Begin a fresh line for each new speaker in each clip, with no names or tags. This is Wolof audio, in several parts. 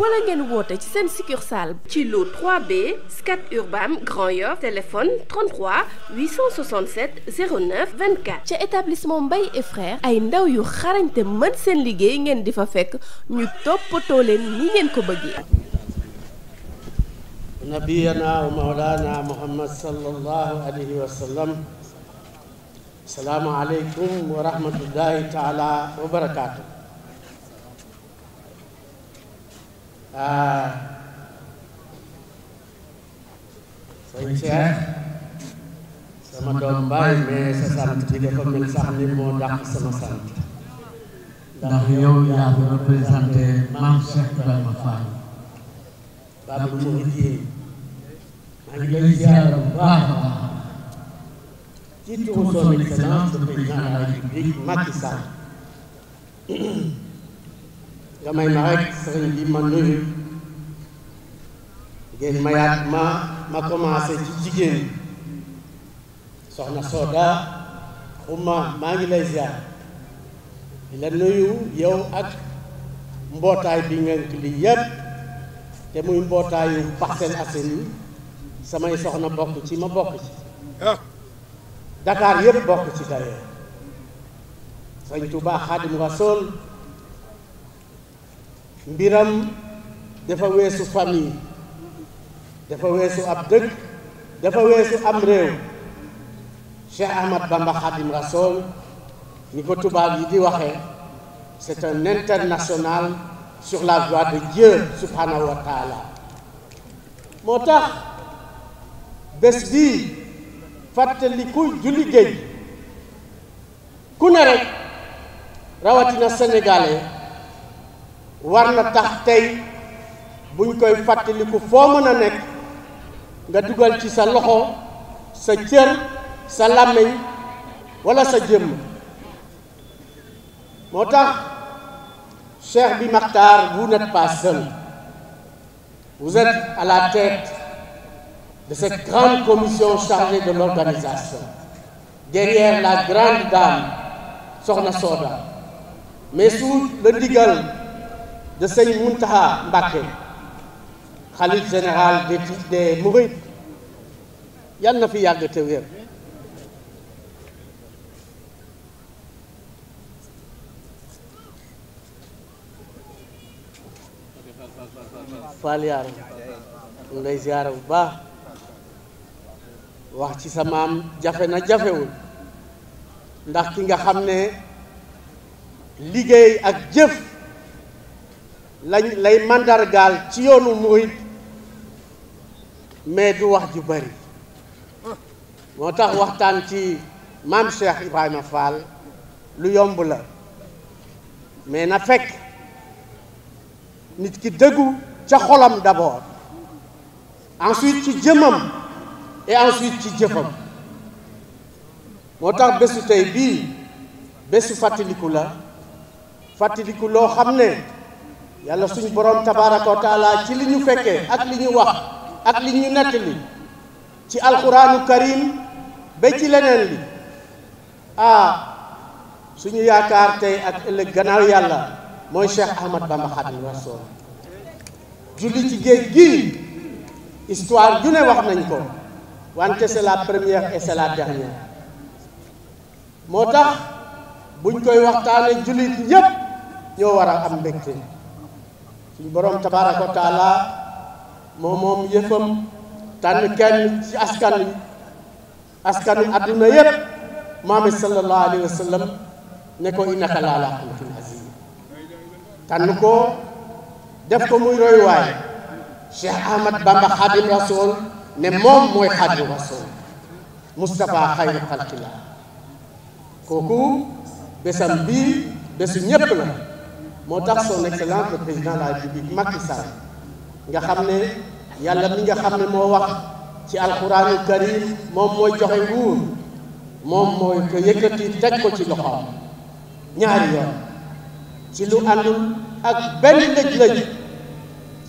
wala ngeen woote ci seen succursale ci lu 3B Scat Urbam Grand Yoff téléphone ca établissement Mbaye et ay ndaw yu xarañte mën seen liggéey ngeen di fa fekk ñu toppatoo leen ni ngeen ko bëggee
nabiyana wa mawlana muhammad sallallahu alayhi wa aleykum wa rahmatullahi wa barakaatu ah sëñ Cheikh sama doom bàyyi mais sa sant bi dafa mel sax ni moo dàq sama sant ndax yow yaa fi représenté maam Cheikh Ibrahima Fall babu mu ngi maa ngi lay ziar bu baax a baax ci turu son excellence le président de la République Macky Sall nga may ma rek sëriñ bi ma nuyu ngeen mayaat ma ma commencé ci jigéen ñi soxna Soda Xuma maa ngi lay ziar di la nuyu yow ak mbootaay bi ngeen li yépp te muy mbootaayu Parcelles Assainies samay soxna bokk ci ma bokk ci ah. Dakar yépp bokk ci d'ailleurs sëriñ Tuubaa Xaadimu Rasuul mbiram dafa weesu famille dafa weesu ab dëkk dafa weesu am réew Cheikh Ahmad Bamba Khadim Rassoul ni ko tubaab yi di waxee c'est un international sur la voie de Dieu subhanahu wa moo tax bés bii fàttaliku julli géej ku ne rek rawatina sénégalais war na tax tey buñ koy fàttaliku foo mën a nekk nga dugal ci sa loxo sa cër sa làmmiñ walla sa jëmm moo tax Cheikh Bi Makhtar vous n'êtes pas seul vous êtes à la tête de cette grande commission chargée de l'organisation derrière la grande dame Sokhna Soda mais sous le ndigal de sëñ Muntaha Mbàkke xalif général des des Mourides yal na fi yàgg te wér faal yaaru mu lay ziyaara bu baax wax ci sa maam jafe na jafewul ndax ki nga xam ne liggéey ak jëf lañ lay mandargaal ci yoonu murid mais du wax ju bari moo tax waxtaan ci maam Cheikh Ibrahima Fall lu yomb la mais na fekk nit ki dëggu ca xolam d'abord ensuite ci jëmam et ensuite ci jëfam moo tax bésu tey bii bésu fàttaliku la fàttaliku loo xam ne yàlla suñu borom tabaaraka wa taala ci li ñu fekkee ak li ñu wax ak li ñu nettali ci alquraanu karim ba ci leneen li ah suñu yaakaar tey ak ëllëg gannaaw yàlla mooy Cheikh Ahmad Bamba Xaadimu Rasuul julli ci géej gii histoire ju ne wax nañ ko wante c'est la première et c'est la moo tax buñ koy waxtaane jullit yépp ñoo war a am mbégte suñu borom tabaaraka wa taala moom moom yëfam tànn kenn ci askan wi adduna yëpp Muhammad sallallahu wa sallam ne ko innaka laa laa xuluqin azim tànn ko def ko muy roy waay Ahmad Bamba Xaadim Rasool ne moom mooy Xaadim Rasool Moustapha xayru xalqillah kooku bésam bii bésu ñépp la moo tax son excellence le président de la république nga xam ne yàlla mi nga xam ne moo wax ci alxuraanu karim moom mooy joxe nguur moom mooy ko teg ko ci loxoom ñaari yoon ci lu àndul ak benn lëj-lëj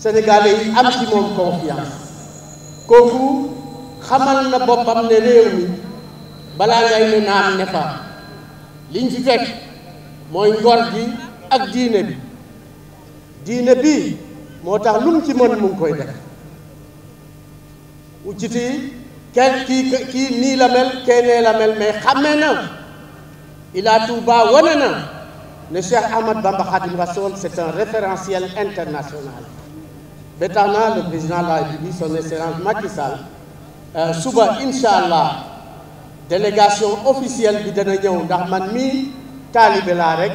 sénégalais yi am ci moom confiance kooku xamal na boppam ne réew mi balaa ngay ne naan ne fa liñ fi fekk mooy ngor gi ak diine bi diine bi moo tax lu mu ci mën mu ngi koy def ucciti kenn kii kii nii la mel kee la mel mais xàmmee na Ila Touba wane na ne Cheikh Ahmad Bamba Khadim Rassoul c'est un référentiel international ba tax na le président de la République son excellence Macky Sall euh, suba incha allah délégation officielle bi dana ñëw ndax man mii taalibe laa rek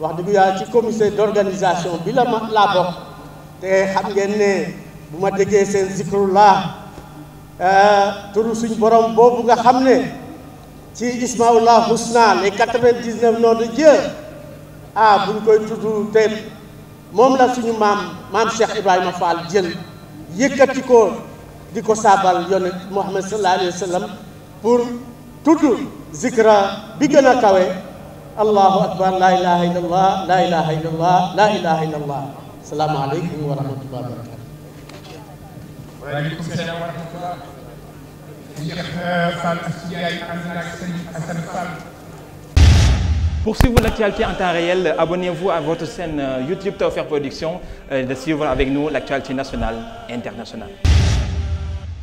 wax dëgg yàlla ci comité d'organisation bi la ma laa bokk te xam ngeen ne bu ma déggee seen zikrullah euh, turu suñ borom boobu nga xam ne ci ismaullah husna les quatre-vingt-dix-neuf noms de Dieu ah buñ koy tudd te moom la suñu maam maam Cheikh Ibrahima Fall jël yëkkati ko di ko saabal yonent Muhammad sallallahu alayhi wa sallam pour tudd zikra bi gën a kawe allahu akbar laa ilaha illa allah laa ilaha illa allah laa ilaha illa allah salaamaaleykum wa rahmatullah wa barakatu waaleykum salaam wa rahmatullah Cheikh Fall Asdiaye ànd ak Sëriñ Assane Fall Pour suivre l'actualité en temps réel, abonnez-vous à votre chaîne euh,
YouTube Tawfekh Production et euh, de suivre avec nous l'actualité nationale et internationale.